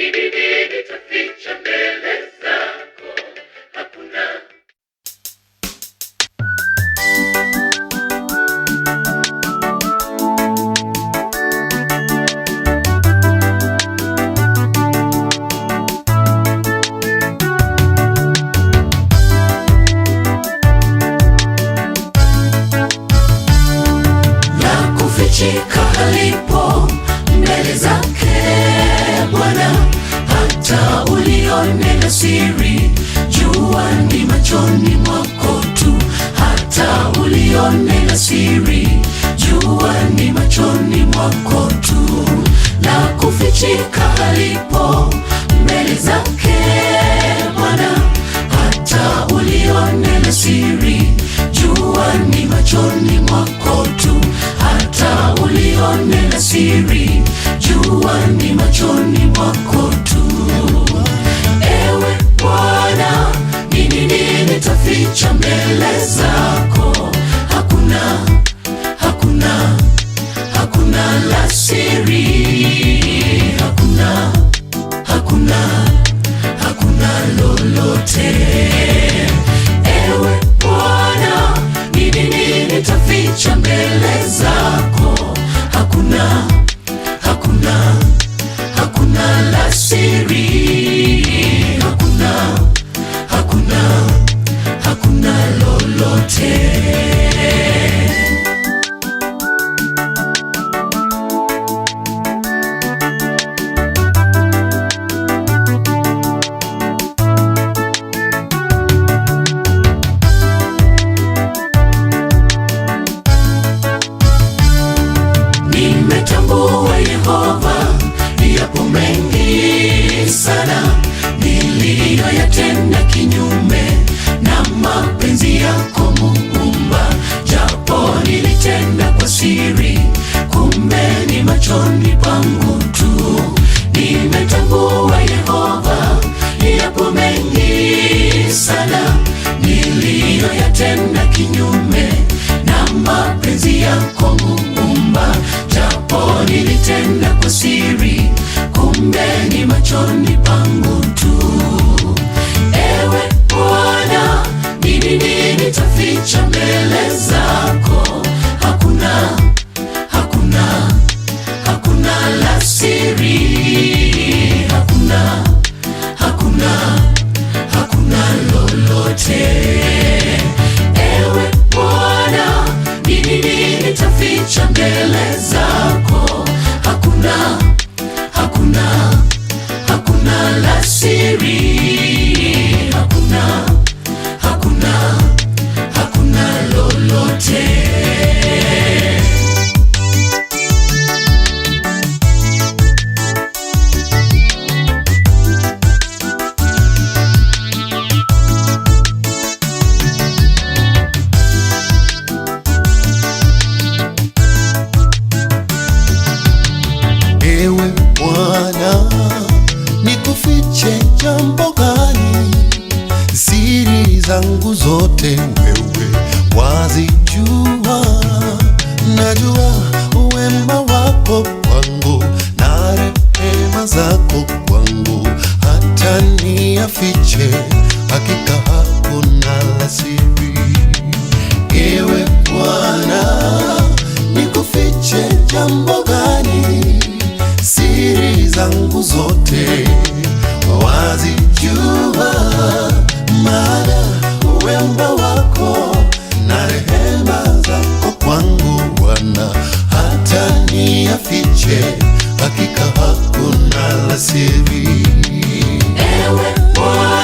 Bibili nitaficha mbele zako, hakuna la halipo mbele zake. nena siri, jua ni machoni mwako tu, hata ulione la siri, jua ni machoni mwako tu, Na kufichika halipo mbele zake Bwana, hata ulione la siri, jua ni machoni mwako sana niliyoyatenda kinyume na mapenzi yako Muumba, japo nilitenda kwa siri, kumbe ni machoni pangu tu nimetambua Yehova, yapo mengi sana niliyoyatenda kinyume na mapenzi yako Muumba, japo nilitenda kwa siri, kumbe machoni pangu tu. Ewe Bwana, nini nini nitaficha mbele zako? Hakuna, hakuna, hakuna la siri, hakuna, hakuna, hakuna lolote. Ewe Bwana, nini nini nitaficha mbele zako? zangu zote hata ni afiche, hakika hakuna la siri. Ewe Bwana